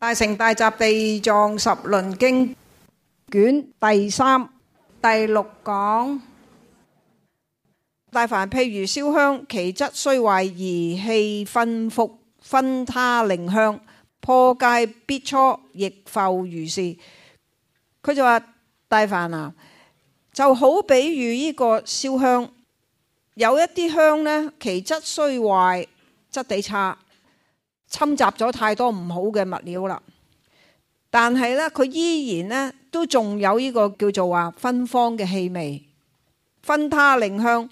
大乘大集地藏十輪經卷第三第六講：大梵譬如燒香，其質雖壞而氣芬馥，熏他令香，破戒苾芻，亦復如是。佢就話：大梵啊，就好比喻呢個燒香，有一啲香呢，其質雖壞，質地差。侵襲咗太多唔好嘅物料啦，但係呢，佢依然呢都仲有呢個叫做話芬芳嘅氣味，熏他令香，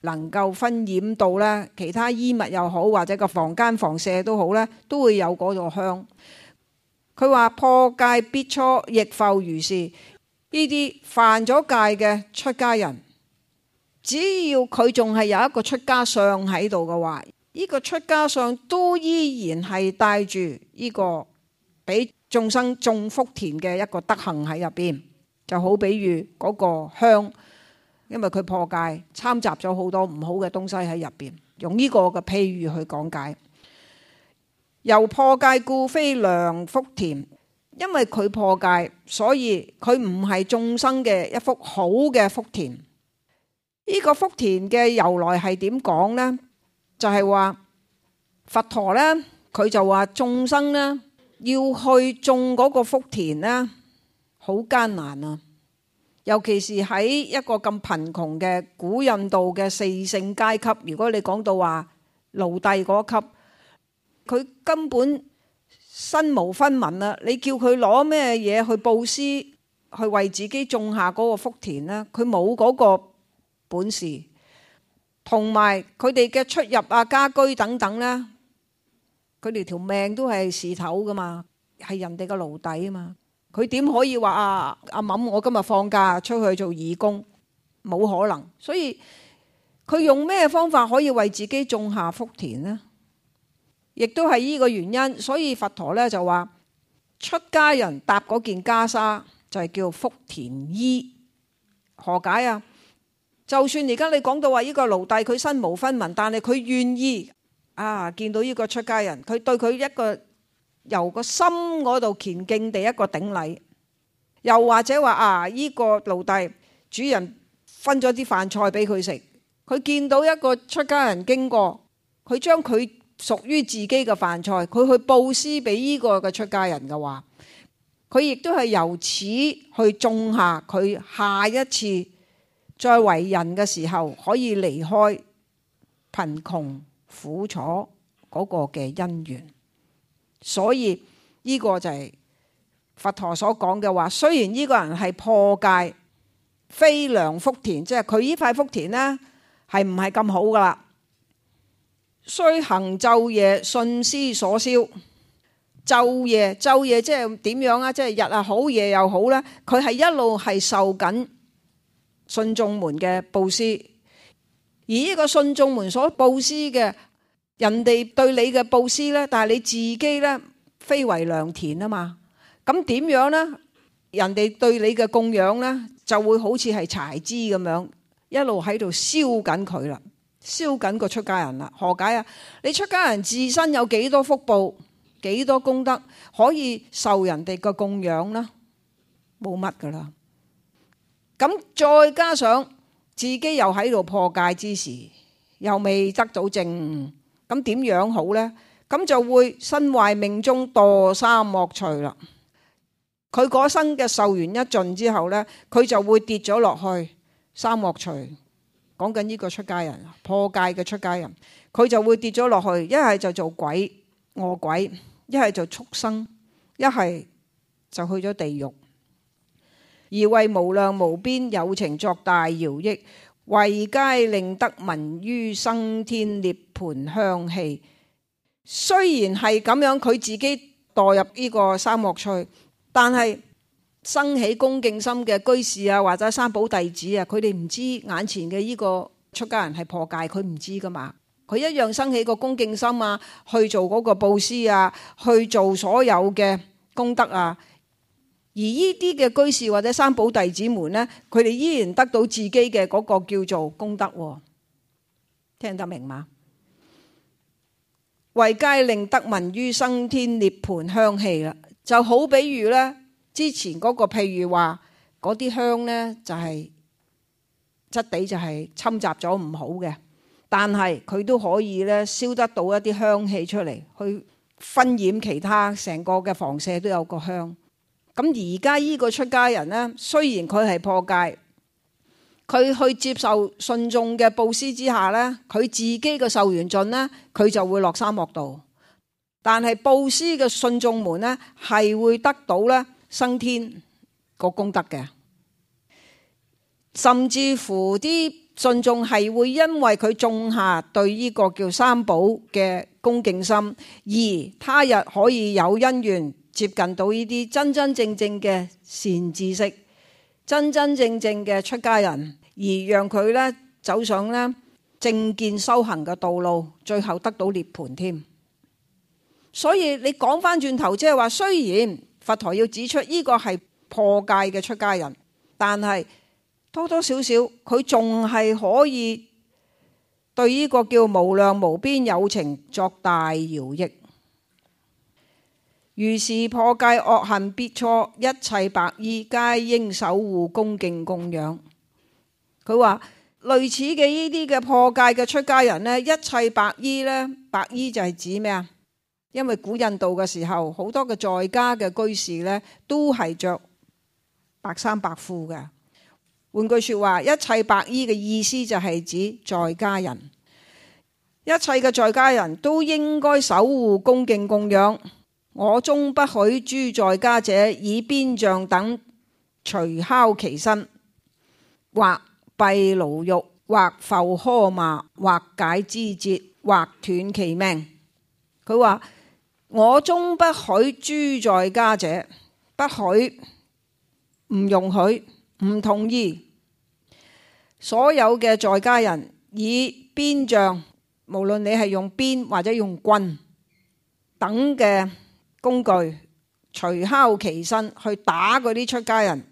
能夠熏染到呢其他衣物又好，或者個房間房舍都好呢，都會有嗰個香。佢話破戒苾芻，亦復如是。呢啲犯咗戒嘅出家人，只要佢仲係有一個出家相喺度嘅話。呢個出家上都依然係帶住呢個俾眾生種福田嘅一個德行，喺入邊，就好比喻嗰個香。因為佢破戒參雜咗好多唔好嘅東西喺入邊，用呢個嘅譬喻去講解。由破戒故，非良福田，因為佢破戒，所以佢唔係眾生嘅一幅好嘅福田。呢個福田嘅由來係點講呢？就係話佛陀呢，佢就話眾生呢，要去種嗰個福田呢，好艱難啊！尤其是喺一個咁貧窮嘅古印度嘅四姓階級，如果你講到話奴隸嗰級，佢根本身無分文啊。你叫佢攞咩嘢去布施，去為自己種下嗰個福田呢？佢冇嗰個本事。同埋佢哋嘅出入啊、家居等等呢，佢哋條命都係事頭噶嘛，係人哋嘅奴隸啊嘛，佢點可以話啊阿敏、啊、我今日放假出去做義工，冇可能。所以佢用咩方法可以為自己種下福田呢？亦都係呢個原因，所以佛陀呢，就話出家人搭嗰件袈裟就係、是、叫福田衣，何解啊？就算而家你講到話呢個奴隸佢身無分文，但係佢願意啊見到呢個出家人，佢對佢一個由個心嗰度虔敬地一個頂禮。又或者話啊，呢個奴隸主人分咗啲飯菜俾佢食，佢見到一個出家人經過，佢將佢屬於自己嘅飯菜，佢去布施俾呢個嘅出家人嘅話，佢亦都係由此去種下佢下一次。再為人嘅時候，可以離開貧窮苦楚嗰個嘅因緣，所以呢個就係佛陀所講嘅話。雖然呢個人係破戒，非良福田，即係佢呢塊福田呢係唔係咁好噶啦。雖恆晝夜信施所燒，晝夜晝夜即係點樣啊？即係日啊好，夜又好咧，佢係一路係受緊。信眾們嘅布施，而呢個信眾們所布施嘅人哋對你嘅布施咧，但係你自己咧非為良田啊嘛，咁點樣咧？人哋對你嘅供養咧，就會好似係柴枝咁樣，一路喺度燒緊佢啦，燒緊個出家人啦，何解啊？你出家人自身有幾多福報，幾多功德可以受人哋嘅供養啦？冇乜噶啦。咁再加上自己又喺度破戒之時，又未得到證悟，咁點樣好呢？咁就會身壞命終墮三惡趣啦。佢嗰生嘅壽元一盡之後呢，佢就會跌咗落去三惡趣。講緊呢個出家人破戒嘅出家人，佢就會跌咗落去。一係就做鬼惡鬼，一係就畜生，一係就去咗地獄。而為無量無邊有情作大饒益，謂皆令得聞於生天涅槃香氣。雖然係咁樣，佢自己墮入呢個三惡趣，但係生起恭敬心嘅居士啊，或者三寶弟子啊，佢哋唔知眼前嘅呢個出家人係破戒，佢唔知㗎嘛。佢一樣生起個恭敬心啊，去做嗰個布施啊，去做所有嘅功德啊。而呢啲嘅居士或者三寶弟子們呢，佢哋依然得到自己嘅嗰個叫做功德，聽得明嗎？為皆令得聞於生天涅槃香氣啦，就好比如呢之前嗰，那個譬如話嗰啲香呢，就是，就係質地就係侵雜咗唔好嘅，但係佢都可以咧燒得到一啲香氣出嚟，去熏染其他成個嘅房舍都有個香。咁而家呢個出家人呢，雖然佢係破戒，佢去接受信眾嘅布施之下呢，佢自己嘅壽元盡呢，佢就會落三惡道。但係布施嘅信眾們呢，係會得到呢生天個功德嘅，甚至乎啲信眾係會因為佢種下對呢個叫三寶嘅恭敬心，而他日可以有因緣。接近到呢啲真真正正嘅善知識，真真正正嘅出家人，而讓佢呢走上呢正見修行嘅道路，最後得到涅槃添。所以你講翻轉頭，即係話，雖然佛陀要指出呢個係破戒嘅出家人，但係多多少少佢仲係可以對呢個叫無量無邊有情作大饒益。如是破戒惡行苾芻，苾芻一切白衣，皆應守護恭敬供養。佢話：類似嘅呢啲嘅破戒嘅出家人呢，一切白衣呢，白衣就係指咩啊？因為古印度嘅時候，好多嘅在家嘅居士呢，都係着白衫白褲嘅。換句説話，一切白衣嘅意思就係指在家人，一切嘅在家人都應該守護恭敬供養。我終不許諸在家者以鞭杖等捶拷其身，或閉牢獄，或復訶罵，或解肢節，或斷其命。佢話：我終不許諸在家者，不許唔容許唔同意所有嘅在家人以鞭杖，無論你係用鞭或者用棍等嘅。工具除敲其身去打嗰啲出家人，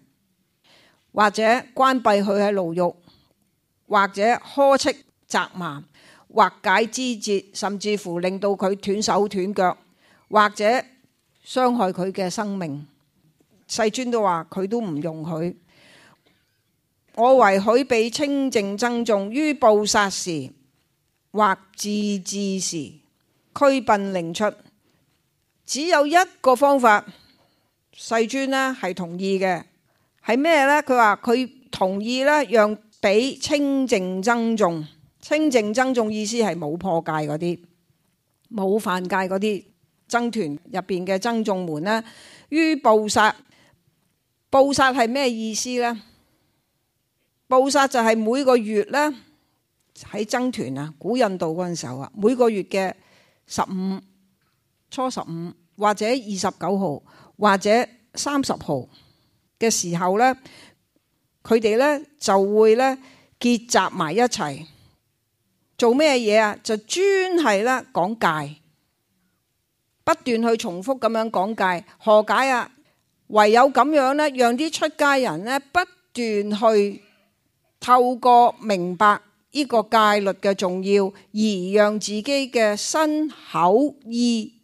或者關閉佢喺牢獄，或者呵斥責罵，或解肢節，甚至乎令到佢斷手斷腳，或者傷害佢嘅生命。世尊都話佢都唔容許。我唯許彼清淨僧眾，於布薩時，或自恣時，驅擯令出。只有一個方法，世尊呢係同意嘅，係咩呢？佢話佢同意呢，讓俾清淨僧眾，清淨僧眾意思係冇破戒嗰啲，冇犯戒嗰啲僧團入邊嘅僧眾們呢，於布薩，布薩係咩意思呢？布薩就係每個月呢，喺僧團啊，古印度嗰陣時候啊，每個月嘅十五。初十五或者二十九號或者三十號嘅時候呢，佢哋呢就會呢結集埋一齊，做咩嘢啊？就專係咧講戒，不斷去重複咁樣講戒。何解啊？唯有咁樣呢，讓啲出家人呢不斷去透過明白呢個戒律嘅重要，而讓自己嘅身口意。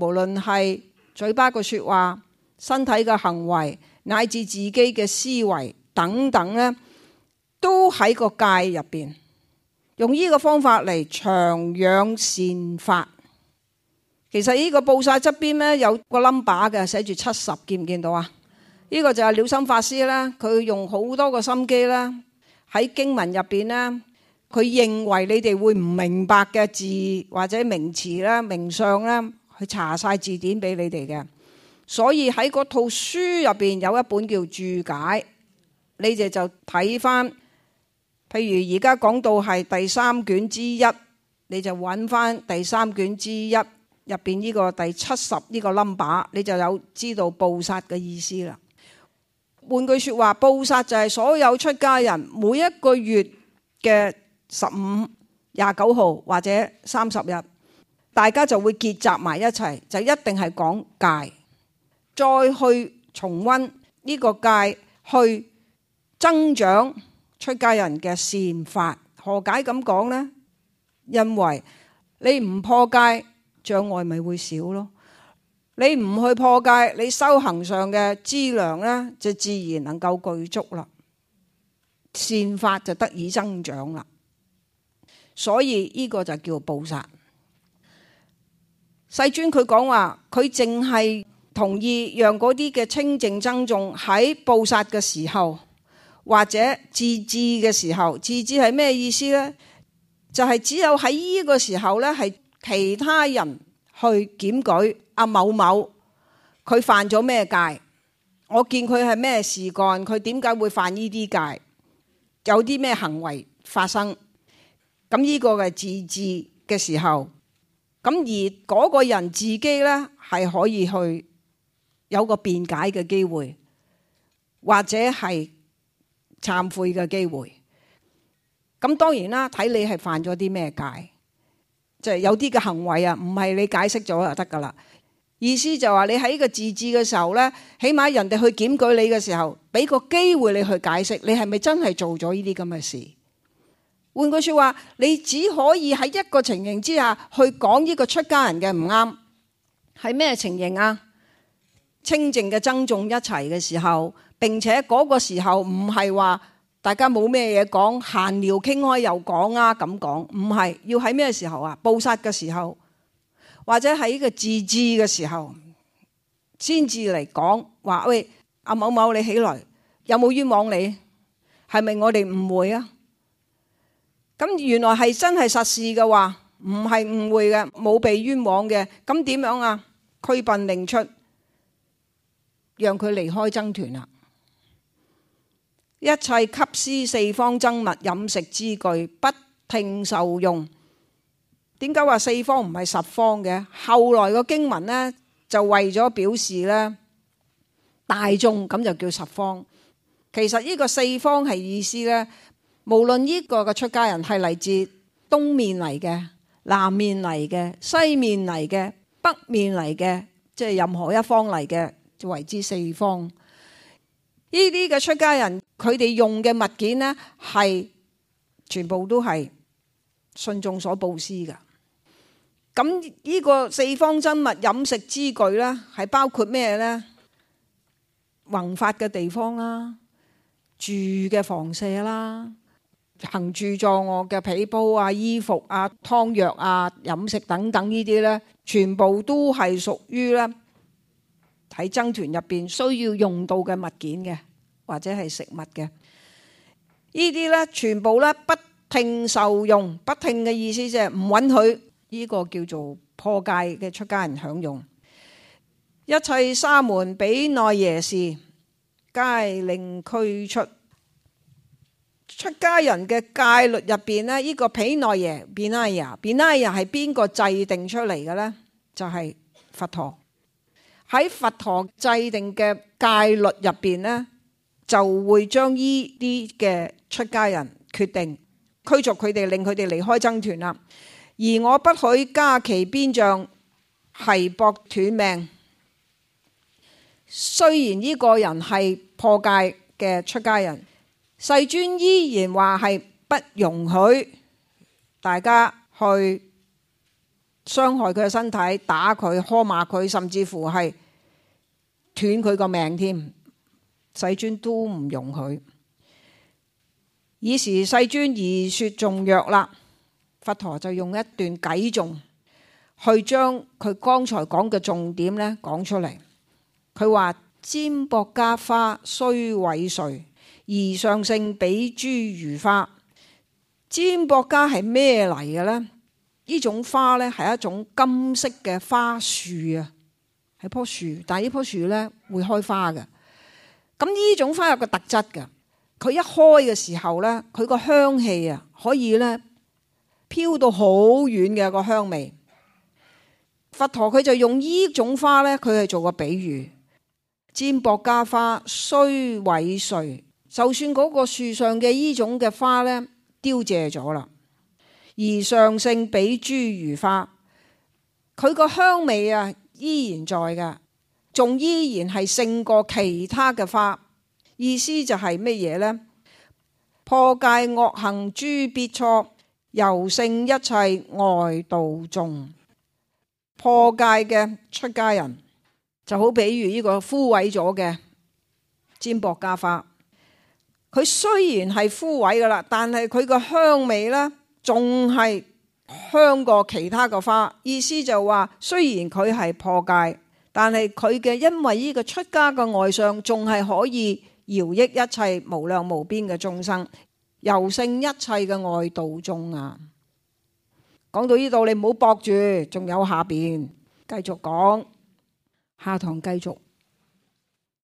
無論係嘴巴個說話、身體嘅行為，乃至自己嘅思維等等呢，都喺個界入邊用呢個方法嚟，長養善法。其實呢個布薩側邊呢，有個 number 嘅，寫住七十，見唔見到啊？呢個就係了心法師啦，佢用好多個心機啦，喺經文入邊呢，佢認為你哋會唔明白嘅字或者名詞啦、名相啦。佢查曬字典俾你哋嘅，所以喺嗰套書入邊有一本叫注解，你哋就睇翻。譬如而家講到係第三卷之一，你就揾翻第三卷之一入邊呢個第七十呢個 number，你就有知道布薩嘅意思啦。換句說話，布薩就係所有出家人每一個月嘅十五、廿九號或者三十日。大家就會結集埋一齊，就一定係講戒，再去重温呢個戒，去增長出界出家人嘅善法。何解咁講呢？因為你唔破戒，障礙咪會少咯？你唔去破戒，你修行上嘅資糧呢，就自然能夠具足啦，善法就得以增長啦。所以呢個就叫布薩。世尊佢講話，佢淨係同意讓嗰啲嘅清淨僧眾喺布薩嘅時候，或者自恣嘅時候，自恣係咩意思呢？就係、是、只有喺依個時候呢，係其他人去檢舉阿某某佢犯咗咩戒，我見佢係咩事幹，佢點解會犯呢啲戒，有啲咩行為發生。咁、這、呢個係自恣嘅時候。咁而嗰個人自己呢，係可以去有個辯解嘅機會，或者係懺悔嘅機會。咁當然啦，睇你係犯咗啲咩戒，即係有啲嘅行為啊，唔係你解釋咗就得噶啦。意思就話你喺個自恣嘅時候呢，起碼人哋去檢舉你嘅時候，俾個機會你去解釋，你係咪真係做咗呢啲咁嘅事？換句説話，你只可以喺一個情形之下去講呢個出家人嘅唔啱，係咩情形啊？清淨嘅僧眾一齊嘅時候，並且嗰個時候唔係話大家冇咩嘢講，閒聊傾開又講啊咁講，唔係，要喺咩時候啊？布薩嘅時候，或者喺個自恣嘅時候，先至嚟講話喂，阿某某你起來，有冇冤枉你？係咪我哋誤會啊？咁原來係真係實事嘅話，唔係誤會嘅，冇被冤枉嘅。咁點樣啊？驅擯令出，讓佢離開僧團啦。一切給施四方僧物飲食資具，不聽受用。點解話四方唔係十方嘅？後來個經文呢，就為咗表示呢，大眾咁就叫十方。其實呢個四方係意思呢。無論呢個嘅出家人係嚟自東面嚟嘅，南面嚟嘅，西面嚟嘅，北面嚟嘅，即係任何一方嚟嘅，就為之四方。呢啲嘅出家人，佢哋用嘅物件呢，係全部都係信眾所布施嘅。咁、這、呢個四方僧物飲食資具呢，係包括咩呢？弘法嘅地方啦，住嘅房舍啦。行住坐臥嘅被鋪啊、衣服啊、湯藥啊、飲食等等呢啲呢，全部都係屬於呢，喺僧團入邊需要用到嘅物件嘅，或者係食物嘅。呢啲呢，全部呢，不聽受用。不聽嘅意思即係唔允許呢、這個叫做破戒嘅出家人享用。一切沙門毗奈耶事，皆令驅出。出家人嘅戒律入邊呢，呢、這個毗奈耶、毗奈耶、毗奈耶係邊個制定出嚟嘅呢？就係、是、佛陀喺佛陀制定嘅戒律入邊呢，就會將呢啲嘅出家人決定驅逐佢哋，令佢哋離開僧團啦。而我不許加其鞭杖，繫縛斷命。雖然呢個人係破戒嘅出家人。世尊依然話係不容許大家去傷害佢嘅身體，打佢、呵罵佢，甚至乎係斷佢個命添。世尊都唔容許。爾時世尊而說頌曰啦，佛陀就用一段偈頌去將佢剛才講嘅重點咧講出嚟。佢話：瞻博迦華雖萎悴。而尚勝彼諸餘華，瞻博迦係咩嚟嘅呢？呢種花呢係一種金色嘅花樹啊，係棵樹，但係呢棵樹呢會開花嘅。咁呢種花有個特質嘅，佢一開嘅時候呢，佢個香氣啊可以呢，飄到好遠嘅個香味。佛陀佢就用呢種花呢，佢係做個比喻，瞻博迦華雖萎悴。就算嗰個樹上嘅依種嘅花呢，凋謝咗啦，而尚勝彼諸餘華，佢個香味啊，依然在嘅，仲依然係勝過其他嘅花。意思就係乜嘢呢？破戒惡行諸苾芻，猶勝一切外道眾。破戒嘅出家人就好，比如呢個枯萎咗嘅瞻博迦花。佢雖然係枯萎噶啦，但係佢個香味呢，仲係香過其他嘅花。意思就話，雖然佢係破戒，但係佢嘅因為呢個出家嘅外相，仲係可以饒益一切無量無邊嘅眾生，猶勝一切嘅外道眾。啊！講到呢度，你唔好駁住，仲有下邊繼續講，下堂繼續。